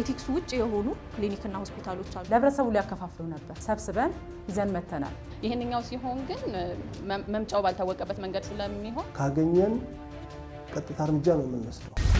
ኤቲክስ ውጭ የሆኑ ክሊኒክና ሆስፒታሎች አሉ። ለህብረተሰቡ ሊያከፋፍሉ ነበር ሰብስበን ይዘን መተናል። ይህንኛው ሲሆን ግን መምጫው ባልታወቀበት መንገድ ስለሚሆን ካገኘን ቀጥታ እርምጃ ነው የምንወስደው።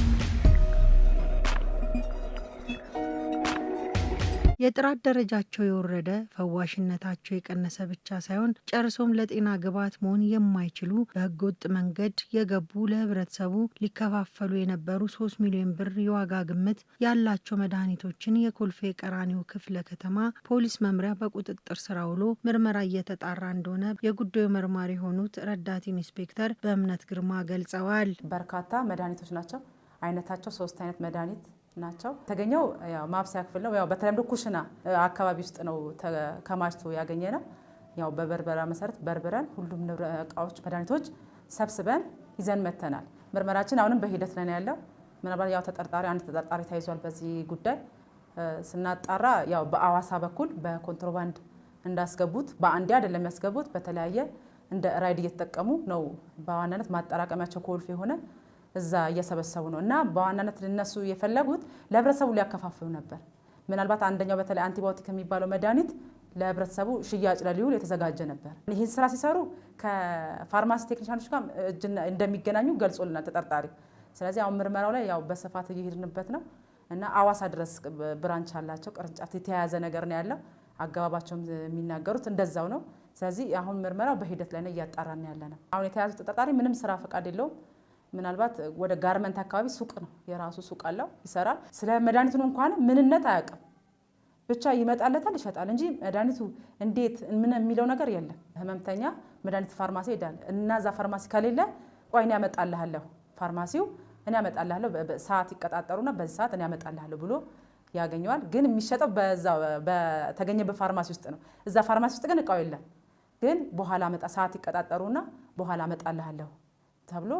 የጥራት ደረጃቸው የወረደ ፈዋሽነታቸው የቀነሰ ብቻ ሳይሆን ጨርሶም ለጤና ግብዓት መሆን የማይችሉ በህገወጥ መንገድ የገቡ ለህብረተሰቡ ሊከፋፈሉ የነበሩ ሶስት ሚሊዮን ብር የዋጋ ግምት ያላቸው መድኃኒቶችን የኮልፌ ቀራኒው ክፍለ ከተማ ፖሊስ መምሪያ በቁጥጥር ስራ ውሎ ምርመራ እየተጣራ እንደሆነ የጉዳዩ መርማሪ የሆኑት ረዳት ኢንስፔክተር በእምነት ግርማ ገልጸዋል። በርካታ መድኃኒቶች ናቸው። አይነታቸው ሶስት አይነት መድኃኒት ናቸው። የተገኘው ያው ማብሰያ ክፍል ነው። ያው በተለምዶ ኩሽና አካባቢ ውስጥ ነው ተከማችቶ ያገኘ ነው። ያው በበርበራ መሰረት በርብረን ሁሉም እቃዎች፣ መድኃኒቶች ሰብስበን ይዘን መተናል። ምርመራችን አሁንም በሂደት ነን ያለው። ምናልባት ያው ተጠርጣሪ አንድ ተጠርጣሪ ተይዟል። በዚህ ጉዳይ ስናጣራ ያው በአዋሳ በኩል በኮንትሮባንድ እንዳስገቡት በአንዴ አይደለም ያስገቡት፣ በተለያየ እንደ ራይድ እየተጠቀሙ ነው በዋናነት ማጠራቀሚያቸው ኮልፍ የሆነ እዛ እየሰበሰቡ ነው እና በዋናነት ልነሱ የፈለጉት ለህብረተሰቡ ሊያከፋፍሉ ነበር። ምናልባት አንደኛው በተለይ አንቲባዮቲክ የሚባለው መድኃኒት ለህብረተሰቡ ሽያጭ ለሊውል የተዘጋጀ ነበር። ይህን ስራ ሲሰሩ ከፋርማሲ ቴክኒሻኖች ጋር እጅ እንደሚገናኙ ገልጾልናል ተጠርጣሪ። ስለዚህ አሁን ምርመራው ላይ ያው በስፋት እየሄድንበት ነው እና አዋሳ ድረስ ብራንች አላቸው ቅርንጫፍ የተያያዘ ነገር ነው ያለው። አገባባቸውም የሚናገሩት እንደዛው ነው። ስለዚህ አሁን ምርመራው በሂደት ላይ ነው እያጣራን ያለ ነው። አሁን የተያዙ ተጠርጣሪ ምንም ስራ ፈቃድ የለውም። ምናልባት ወደ ጋርመንት አካባቢ ሱቅ ነው፣ የራሱ ሱቅ አለው ይሰራል። ስለ መድኃኒቱን እንኳን ምንነት አያውቅም። ብቻ ይመጣለታል ይሸጣል እንጂ መድኃኒቱ እንዴት ምን የሚለው ነገር የለም። ህመምተኛ መድኃኒት ፋርማሲ ሄዳል እና እዛ ፋርማሲ ከሌለ ቆይ እኔ ያመጣልሃለሁ ፋርማሲው እኔ ያመጣልሃለሁ ሰዓት ይቀጣጠሩና በዚህ ሰዓት እኔ ያመጣልሃለሁ ብሎ ያገኘዋል። ግን የሚሸጠው በዛው በተገኘ በፋርማሲ ውስጥ ነው። እዛ ፋርማሲ ውስጥ ግን እቃው የለም። ግን በኋላ መጣ ሰዓት ይቀጣጠሩና በኋላ አመጣልሃለሁ ተብሎ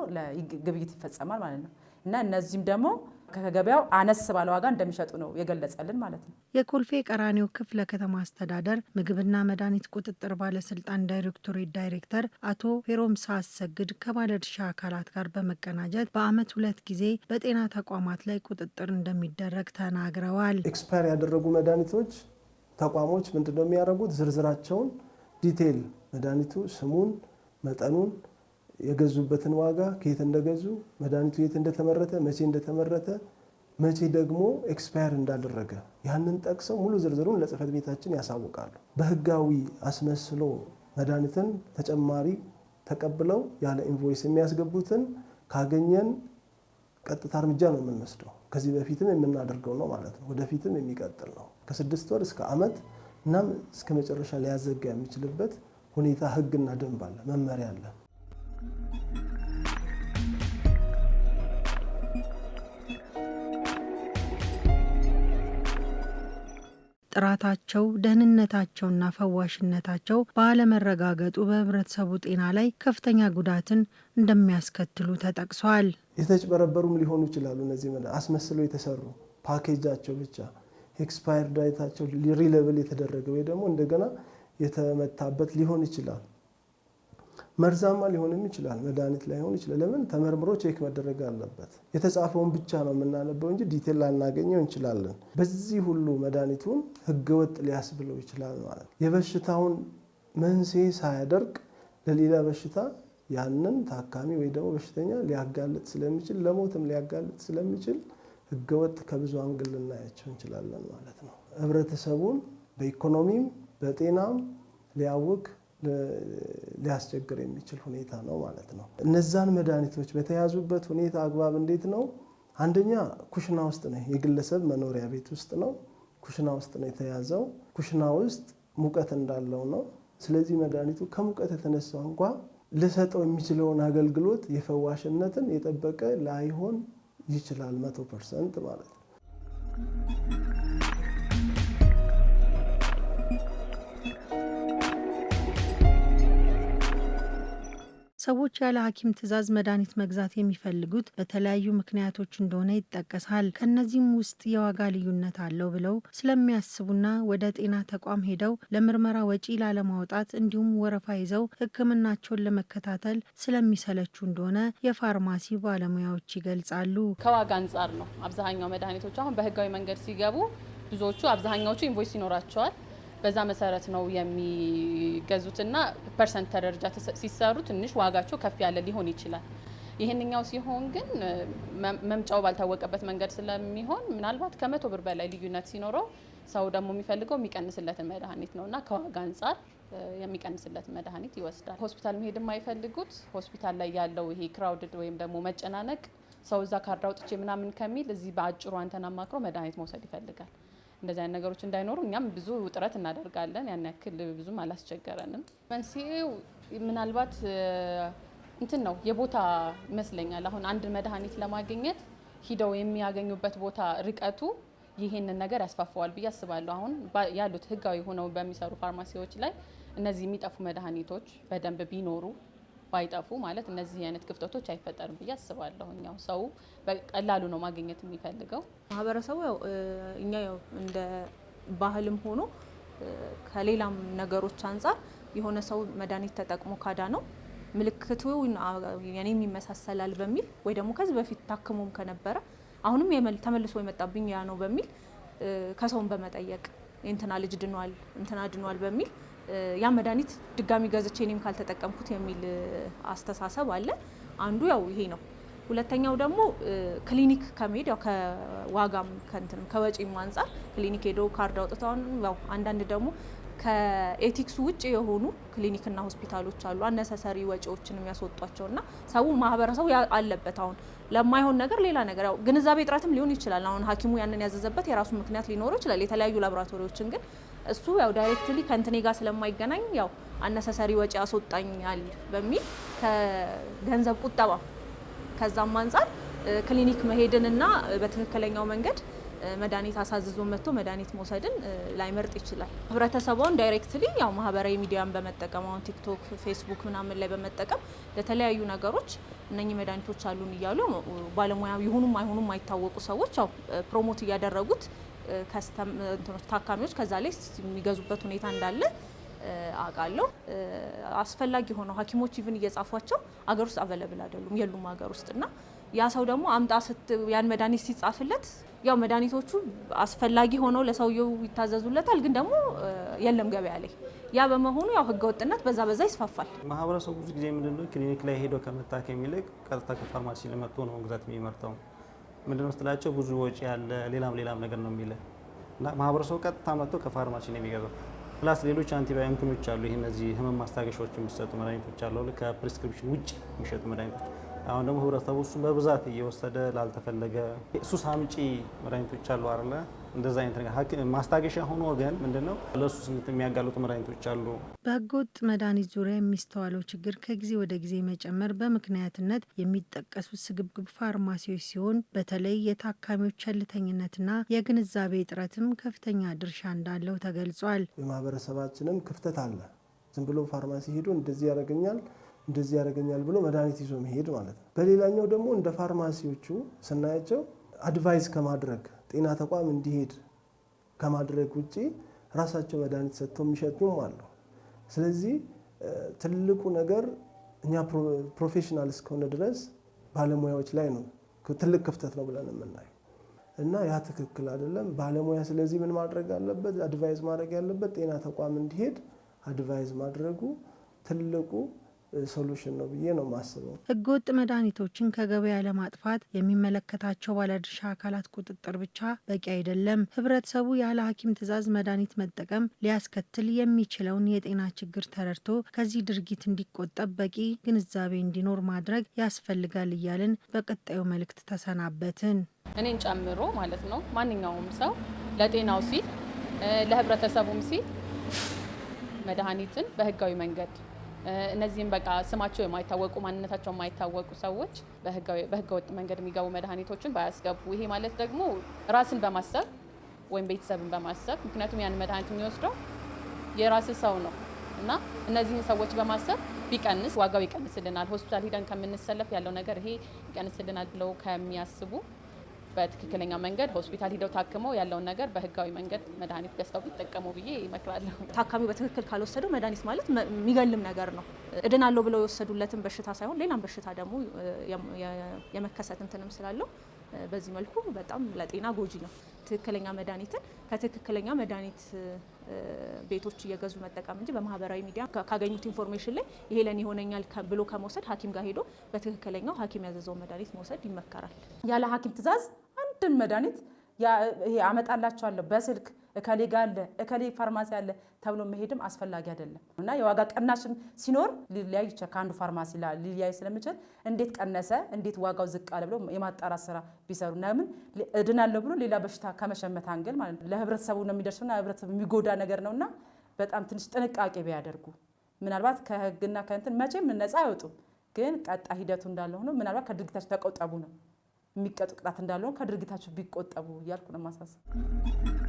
ግብይት ይፈጸማል ማለት ነው እና እነዚህም ደግሞ ከገበያው አነስ ባለ ዋጋ እንደሚሸጡ ነው የገለጸልን ማለት ነው። የኮልፌ ቀራኒዮ ክፍለ ከተማ አስተዳደር ምግብና መድኃኒት ቁጥጥር ባለስልጣን ዳይሬክቶሬት ዳይሬክተር አቶ ፌሮም አሰግድ ከባለድርሻ አካላት ጋር በመቀናጀት በአመት ሁለት ጊዜ በጤና ተቋማት ላይ ቁጥጥር እንደሚደረግ ተናግረዋል። ኤክስፓየር ያደረጉ መድኃኒቶች ተቋሞች ምንድን ነው የሚያደርጉት? ዝርዝራቸውን ዲቴይል መድኃኒቱ ስሙን፣ መጠኑን የገዙበትን ዋጋ ከየት እንደገዙ፣ መድኃኒቱ የት እንደተመረተ፣ መቼ እንደተመረተ፣ መቼ ደግሞ ኤክስፓየር እንዳደረገ ያንን ጠቅሰው ሙሉ ዝርዝሩን ለጽህፈት ቤታችን ያሳውቃሉ። በህጋዊ አስመስሎ መድኃኒትን ተጨማሪ ተቀብለው ያለ ኢንቮይስ የሚያስገቡትን ካገኘን ቀጥታ እርምጃ ነው የምንወስደው። ከዚህ በፊትም የምናደርገው ነው ማለት ነው። ወደፊትም የሚቀጥል ነው። ከስድስት ወር እስከ ዓመት እናም እስከ መጨረሻ ሊያዘጋ የሚችልበት ሁኔታ ህግና ደንብ አለ፣ መመሪያ አለ። ጥራታቸው፣ ደህንነታቸውና ፈዋሽነታቸው ባለመረጋገጡ በህብረተሰቡ ጤና ላይ ከፍተኛ ጉዳትን እንደሚያስከትሉ ተጠቅሷል። የተጭበረበሩም ሊሆኑ ይችላሉ። እነዚህ አስመስለው የተሰሩ ፓኬጃቸው ብቻ ኤክስፓየር ዳይታቸው ሪሌብል የተደረገ ወይ ደግሞ እንደገና የተመታበት ሊሆን ይችላል። መርዛማ ሊሆንም ይችላል፣ መድኃኒት ላይሆን ይችላል። ለምን ተመርምሮ ቼክ መደረግ አለበት። የተጻፈውን ብቻ ነው የምናነበው እንጂ ዲቴል ላናገኘው እንችላለን። በዚህ ሁሉ መድኃኒቱን ህገወጥ ሊያስብለው ይችላል ማለት ነው። የበሽታውን መንስኤ ሳያደርግ ለሌላ በሽታ ያንን ታካሚ ወይ ደግሞ በሽተኛ ሊያጋልጥ ስለሚችል ለሞትም ሊያጋልጥ ስለሚችል ህገወጥ ከብዙ አንግል ልናያቸው እንችላለን ማለት ነው። ህብረተሰቡን በኢኮኖሚም በጤናም ሊያውክ ሊያስቸግር የሚችል ሁኔታ ነው ማለት ነው። እነዛን መድኃኒቶች በተያዙበት ሁኔታ አግባብ እንዴት ነው? አንደኛ ኩሽና ውስጥ ነው፣ የግለሰብ መኖሪያ ቤት ውስጥ ነው፣ ኩሽና ውስጥ ነው የተያዘው። ኩሽና ውስጥ ሙቀት እንዳለው ነው። ስለዚህ መድኃኒቱ ከሙቀት የተነሳው እንኳ ልሰጠው የሚችለውን አገልግሎት የፈዋሽነትን የጠበቀ ላይሆን ይችላል፣ መቶ ፐርሰንት ማለት ነው። ሰዎች ያለ ሐኪም ትዕዛዝ መድኃኒት መግዛት የሚፈልጉት በተለያዩ ምክንያቶች እንደሆነ ይጠቀሳል። ከእነዚህም ውስጥ የዋጋ ልዩነት አለው ብለው ስለሚያስቡና ወደ ጤና ተቋም ሄደው ለምርመራ ወጪ ላለማውጣት እንዲሁም ወረፋ ይዘው ሕክምናቸውን ለመከታተል ስለሚሰለቹ እንደሆነ የፋርማሲ ባለሙያዎች ይገልጻሉ። ከዋጋ አንጻር ነው አብዛኛው መድኃኒቶች አሁን በህጋዊ መንገድ ሲገቡ ብዙዎቹ አብዛኛዎቹ ኢንቮይስ ይኖራቸዋል በዛ መሰረት ነው የሚገዙትና ፐርሰንት ተደረጃ ሲሰሩ ትንሽ ዋጋቸው ከፍ ያለ ሊሆን ይችላል። ይህንኛው ሲሆን ግን መምጫው ባልታወቀበት መንገድ ስለሚሆን ምናልባት ከመቶ ብር በላይ ልዩነት ሲኖረው ሰው ደግሞ የሚፈልገው የሚቀንስለትን መድኃኒት ነው እና ከዋጋ አንጻር የሚቀንስለት መድኃኒት ይወስዳል። ሆስፒታል መሄድ የማይፈልጉት ሆስፒታል ላይ ያለው ይሄ ክራውድድ ወይም ደግሞ መጨናነቅ ሰው እዛ ካርድ አውጥቼ ምናምን ከሚል እዚህ በአጭሩ አንተን አማክሮ መድኃኒት መውሰድ ይፈልጋል። እንደዚህ አይነት ነገሮች እንዳይኖሩ እኛም ብዙ ጥረት እናደርጋለን። ያን ያክል ብዙም አላስቸገረንም። መንስኤው ምናልባት እንትን ነው የቦታ ይመስለኛል። አሁን አንድ መድኃኒት ለማግኘት ሂደው የሚያገኙበት ቦታ ርቀቱ ይሄንን ነገር ያስፋፋዋል ብዬ አስባለሁ። አሁን ያሉት ህጋዊ ሆነው በሚሰሩ ፋርማሲዎች ላይ እነዚህ የሚጠፉ መድኃኒቶች በደንብ ቢኖሩ ባይጠፉ ማለት እነዚህ አይነት ክፍተቶች አይፈጠርም ብዬ አስባለሁ። እኛው ሰው በቀላሉ ነው ማግኘት የሚፈልገው። ማህበረሰቡ ያው እኛ ያው እንደ ባህልም ሆኖ ከሌላም ነገሮች አንጻር የሆነ ሰው መድኃኒት ተጠቅሞ ካዳ ነው ምልክቱ የኔ ይመሳሰላል በሚል ወይ ደግሞ ከዚህ በፊት ታክሞም ከነበረ አሁንም ተመልሶ የመጣብኝ ያ ነው በሚል ከሰውን በመጠየቅ እንትና ልጅ ድኗል እንትና ድኗል በሚል ያ መድኃኒት ድጋሚ ገዝቼ እኔም ካልተጠቀምኩት የሚል አስተሳሰብ አለ። አንዱ ያው ይሄ ነው። ሁለተኛው ደግሞ ክሊኒክ ከመሄድ ያው ከዋጋም ከእንትንም ከወጪም አንጻር ክሊኒክ ሄዶ ካርድ አውጥተውን ያው አንዳንድ ደግሞ ከኤቲክሱ ውጭ የሆኑ ክሊኒክና ሆስፒታሎች አሉ አነሰሰሪ ወጪዎችን የሚያስወጧቸው እና ሰው ማህበረሰቡ አለበት አሁን ለማይሆን ነገር ሌላ ነገር ያው ግንዛቤ እጥረትም ሊሆን ይችላል። አሁን ሐኪሙ ያንን ያዘዘበት የራሱ ምክንያት ሊኖረው ይችላል። የተለያዩ ላቦራቶሪዎችን ግን እሱ ያው ዳይሬክትሊ ከእንትኔ ጋር ስለማይገናኝ ያው አነሰሰሪ ወጪ ያስወጣኛል በሚል ከገንዘብ ቁጠባ ከዛም አንጻር ክሊኒክ መሄድንና በትክክለኛው መንገድ መድኃኒት አሳዝዞ መጥቶ መድኃኒት መውሰድን ላይመርጥ ይችላል። ህብረተሰቡን ዳይሬክትሊ ያው ማህበራዊ ሚዲያን በመጠቀም አሁን ቲክቶክ፣ ፌስቡክ ምናምን ላይ በመጠቀም ለተለያዩ ነገሮች እነኚህ መድኃኒቶች አሉን እያሉ ባለሙያ ይሁኑም አይሁኑም አይታወቁ ሰዎች ያው ፕሮሞት እያደረጉት ታካሚዎች ከዛ ላይ የሚገዙበት ሁኔታ እንዳለ አውቃለሁ። አስፈላጊ ሆነው ሐኪሞች ይብን እየጻፏቸው አገር ውስጥ አቨለብል አይደሉም የሉም አገር ውስጥ እና ያ ሰው ደግሞ አምጣ ስት ያን መድኃኒት ሲጻፍለት ያው መድኃኒቶቹ አስፈላጊ ሆነው ለሰውየው ይታዘዙለታል፣ ግን ደግሞ የለም ገበያ ላይ። ያ በመሆኑ ያው ህገ ወጥነት በዛ በዛ ይስፋፋል። ማህበረሰቡ ብዙ ጊዜ ምንድነው ክሊኒክ ላይ ሄዶ ከመታከም ይልቅ ቀጥታ ከፋርማሲ ለመጥቶ ነው መግዛት የሚመርጠው። ምንድን ነው ስትላቸው ብዙ ወጪ ያለ ሌላም ሌላም ነገር ነው የሚለ እና ማህበረሰቡ ቀጥታ መጥቶ ከፋርማሲ ነው የሚገዛው። ፕላስ ሌሎች አንቲባዮቲኮች አሉ። ይህ እነዚህ ህመም ማስታገሻዎች የሚሰጡ መድኃኒቶች አሉ። ከፕሪስክሪፕሽን ውጭ የሚሸጡ መድኃኒቶች አሁን ደግሞ ህብረተሰቡ እሱን በብዛት እየወሰደ ላልተፈለገ ሱስ አምጪ መድኃኒቶች አሉ አለ እንደዛ አይነት ነገር ማስታገሻ ሆኖ ግን ነው ለሱ ስንት የሚያጋልጡ መድኃኒቶች አሉ። በህገወጥ መድኃኒት ዙሪያ የሚስተዋለው ችግር ከጊዜ ወደ ጊዜ መጨመር በምክንያትነት የሚጠቀሱት ስግብግብ ፋርማሲዎች ሲሆን በተለይ የታካሚዎች ቸልተኝነትና የግንዛቤ እጥረትም ከፍተኛ ድርሻ እንዳለው ተገልጿል። የማህበረሰባችንም ክፍተት አለ። ዝም ብሎ ፋርማሲ ሄዶ እንደዚህ ያደርገኛል እንደዚህ ያደርገኛል ብሎ መድኃኒት ይዞ መሄድ ማለት ነው። በሌላኛው ደግሞ እንደ ፋርማሲዎቹ ስናያቸው አድቫይስ ከማድረግ ጤና ተቋም እንዲሄድ ከማድረግ ውጪ ራሳቸው መድኃኒት ሰጥተው የሚሸጡም አሉ። ስለዚህ ትልቁ ነገር እኛ ፕሮፌሽናል እስከሆነ ድረስ ባለሙያዎች ላይ ነው ትልቅ ክፍተት ነው ብለን የምናየው እና ያ ትክክል አይደለም። ባለሙያ ስለዚህ ምን ማድረግ አለበት? አድቫይዝ ማድረግ ያለበት ጤና ተቋም እንዲሄድ አድቫይዝ ማድረጉ ትልቁ ሶሉሽን ነው ብዬ ነው ማስበው። ህገወጥ መድኃኒቶችን ከገበያ ለማጥፋት የሚመለከታቸው ባለድርሻ አካላት ቁጥጥር ብቻ በቂ አይደለም። ህብረተሰቡ ያለ ሐኪም ትዕዛዝ መድኃኒት መጠቀም ሊያስከትል የሚችለውን የጤና ችግር ተረድቶ ከዚህ ድርጊት እንዲቆጠብ በቂ ግንዛቤ እንዲኖር ማድረግ ያስፈልጋል እያልን በቀጣዩ መልእክት ተሰናበትን። እኔን ጨምሮ ማለት ነው ማንኛውም ሰው ለጤናው ሲል ለህብረተሰቡም ሲል መድኃኒትን በህጋዊ መንገድ እነዚህም በቃ ስማቸው የማይታወቁ ማንነታቸው የማይታወቁ ሰዎች በህገ ወጥ መንገድ የሚገቡ መድኃኒቶችን ባያስገቡ፣ ይሄ ማለት ደግሞ ራስን በማሰብ ወይም ቤተሰብን በማሰብ ምክንያቱም ያን መድኃኒት የሚወስደው የራስ ሰው ነው እና እነዚህን ሰዎች በማሰብ ቢቀንስ ዋጋው ይቀንስልናል፣ ሆስፒታል ሂደን ከምንሰለፍ ያለው ነገር ይሄ ይቀንስልናል ብለው ከሚያስቡ በትክክለኛ መንገድ ሆስፒታል ሂደው ታክመው ያለውን ነገር በህጋዊ መንገድ መድኃኒት ገዝተው ቢጠቀሙ ብዬ ይመክራለሁ። ታካሚው በትክክል ካልወሰደው መድኃኒት ማለት የሚገልም ነገር ነው። እድናለሁ ብለው የወሰዱለትን በሽታ ሳይሆን ሌላም በሽታ ደግሞ የመከሰት እንትንም ስላለው በዚህ መልኩ በጣም ለጤና ጎጂ ነው። ትክክለኛ መድኃኒትን ከትክክለኛ መድኃኒት ቤቶች እየገዙ መጠቀም እንጂ በማህበራዊ ሚዲያ ካገኙት ኢንፎርሜሽን ላይ ይሄ ለኔ ይሆነኛል ብሎ ከመውሰድ ሐኪም ጋር ሄዶ በትክክለኛው ሐኪም ያዘዘውን መድኃኒት መውሰድ ይመከራል። ያለ ሐኪም ትእዛዝ አንድን መድኃኒት አመጣላቸዋለሁ በስልክ እከሌ ጋ አለ እከሌ ፋርማሲ አለ ተብሎ መሄድም አስፈላጊ አይደለም እና የዋጋ ቀናሽም ሲኖር ሊለያይ ይችላል። ከአንዱ ፋርማሲ ሊለያይ ስለምችል እንዴት ቀነሰ፣ እንዴት ዋጋው ዝቅ አለ ብሎ የማጣራት ስራ ቢሰሩ ናምን እድናለሁ ብሎ ሌላ በሽታ ከመሸመት አንገል ማለት ነው ለህብረተሰቡ ነው የሚደርሰውና ህብረተሰቡ የሚጎዳ ነገር ነውና በጣም ትንሽ ጥንቃቄ ቢያደርጉ ምናልባት ከህግና ከእንትን መቼም ነፃ አይወጡም፣ ግን ቀጣ ሂደቱ እንዳለ ሆኖ ምናልባት ከድርጊታቸው ተቆጠቡ ነው የሚቀጡ ቅጣት እንዳለ ሆኖ ከድርጊታቸው ቢቆጠቡ እያልኩ ነው ማሳሰብ